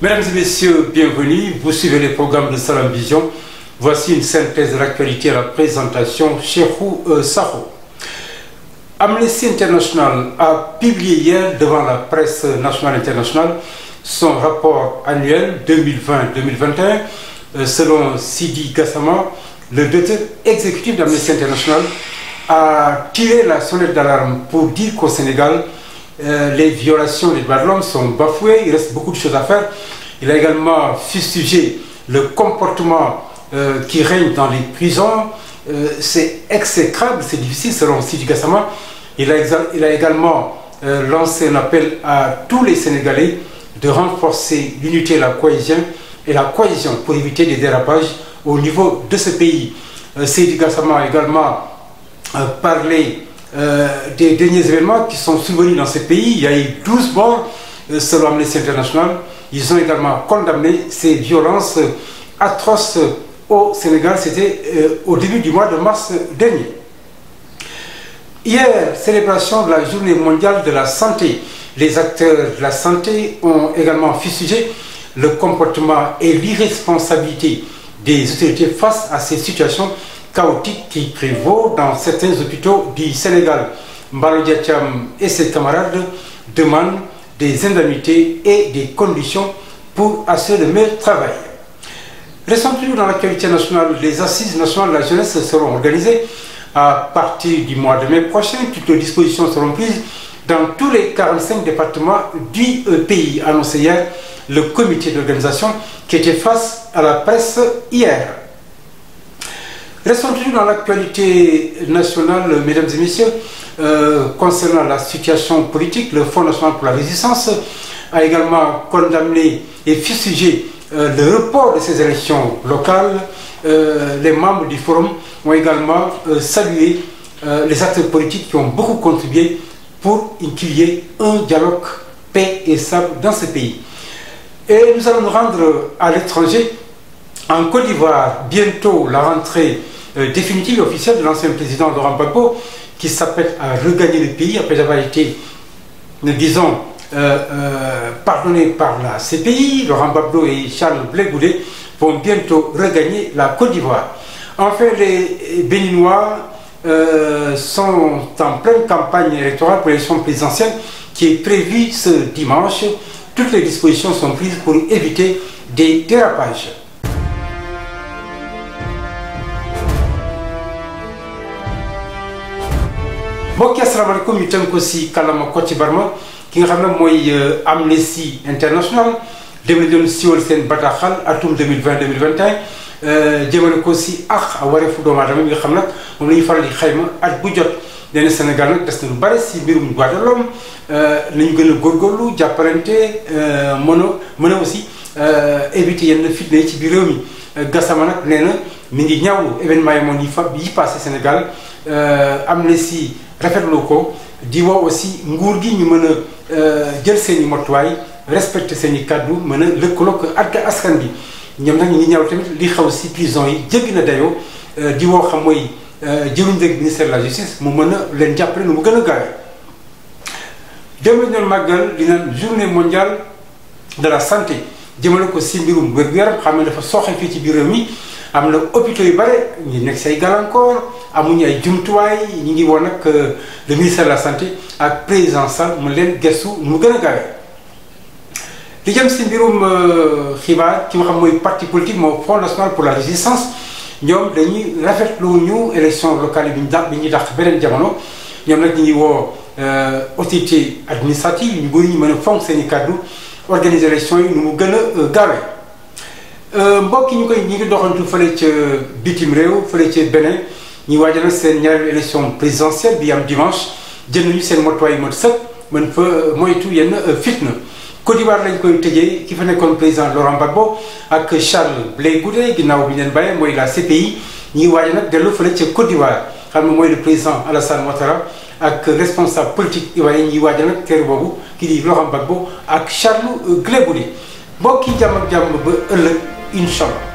Mesdames et messieurs, bienvenue. Vous suivez les programmes de Salam Vision. Voici une synthèse de l'actualité à la présentation Cheikhou euh, Saho. Amnesty International a publié hier devant la presse nationale internationale son rapport annuel 2020-2021. Euh, selon Sidi Gassama, le directeur exécutif d'Amnesty International a tiré la sonnette d'alarme pour dire qu'au Sénégal, euh, les violations des droits de l'homme sont bafouées, il reste beaucoup de choses à faire. Il a également fustigé le comportement euh, qui règne dans les prisons. Euh, c'est exécrable, c'est difficile selon Sidi Gassama. Il a, il a également euh, lancé un appel à tous les Sénégalais de renforcer l'unité et la cohésion, et la cohésion pour éviter des dérapages au niveau de ce pays. Euh, Sidi Gassama a également euh, parlé Euh, des derniers événements qui sont survenus dans ce pays. Il y a eu 12 morts euh, selon Amnesty International. Ils ont également condamné ces violences euh, atroces au Sénégal. C'était au début du mois de mars dernier. Hier, célébration de la journée mondiale de la santé. Les acteurs de la santé ont également fustigé le comportement et l'irresponsabilité des autorités face à ces situations chaotique qui prévaut dans certains hôpitaux du Sénégal. Mbalo Diacham et ses camarades demandent des indemnités et conditions pour assurer le meilleur travail. Restons toujours dans l'actualité nationale. Les assises nationales de la jeunesse seront organisées à partir mois de mai prochain. Toutes les dispositions seront prises dans tous les 45 départements du euh, pays, annoncé hier le comité d'organisation qui était face à la Restons toujours dans l'actualité nationale, mesdames et messieurs. Euh, concernant la situation politique, le Fonds national pour la résistance a également condamné et fustigé euh, le report de ces élections locales. Euh, les membres du forum ont également salué les acteurs politiques qui ont beaucoup contribué pour qu'il y ait un dialogue paix et stable dans ce pays. Et nous allons nous rendre à l'étranger, en Côte d'Ivoire, bientôt la rentrée Euh, définitive et officielle de l'ancien président Laurent Gbagbo qui s'appelle à regagner le pays après avoir été, euh, disons, euh, euh par la CPI, Laurent Gbagbo et Charles Blé Goulet vont bientôt regagner la Côte d'Ivoire. Enfin, les Béninois euh, sont en pleine campagne électorale pour l'élection présidentielle qui est prévue ce dimanche. Toutes les dispositions sont prises pour éviter des dérapages. mbokki asalaamaaleykum ñu tënk ko si kàllaama Kocc Barma ki nga xam ne mooy euh, Amnesty International dem nañ doon siwal seen bataaxal atum 2020 2021 euh, jëmale ko si ak wareefu doomu aadama bi nga xam nag moom la ñuy faral di xayma at bu jot lenn Sénégal nag des na lu bare si mbirum droit de l'homme nañu gën a góorgóorlu jàppalante euh, mën a mën a aussi éviter yenn fitna yi ci biir réew mi Gassama nag nee na mi ngi ñaaw événement yi moom yi fa yi passé Sénégal Amnesty rafetlu ko di aussi nguur gi ñu mën a euh, jël seen i motuwaay respecté seen i kàddu mën a lëkkaloo ak askan bi ñoom nag ñu ñaw ñaaw tamit li xaw si prison yi jéggi na dayoo euh, di woo xam mooy euh, jëwriñ rek ministère de la justice mu mën a leen jàppale nu mu gën a gaawee. dem nañu doon màggal li naan journée mondiale de la santé jëmale ko si mbirum wér-gu-yaram xam ne dafa sooxe fii ci biir mi am na hôpitaux yu bare ñu nekk say gàllankoor. amuñu ay jumtuwaay ñu ngi woo nag euh, le ministère de la santé ak président sa mu leen gëstu mu gën a gaawee li jëm si mbirum euh, xibaar ki nga xam mooy parti politique moom Front national pour la résistance ñoom dañuy rafetlu ñu élection locale bi ñu dàq bi ñuy dàq beneen jamono ñoom nag ñu ngi woo euh, autorité administrative ñu bëri ñu mën a fonk seen i kàddu organiser élection yi nu mu gën a gaawee. mbokk yi ñu koy ñu ngi doxantu fële ca bitim réew fële ca beneen ñuy waajal nag seen ñaareelu élection présidentielle bi am dimanche jël nañu seen motuwaay mot sëkk mën fa moytu yenn euh, fitna Côte d'Ivoire lañ koy tëjee ki fa nekkoon président Laurent Gbagbo ak Charles Blé Goudé ginnaaw bi ñu leen bàyyee mooy la CPI ñuy waajal nag dellu fële ca Côte d'Ivoire xam nga mooy le président Alassane Ouattara ak responsable politique ivoirien ñuy waajal nag kër boobu ki di Laurent Gbagbo ak Charles Blé euh, Goudé mbokk yi jàmm ak ba ëllëg incha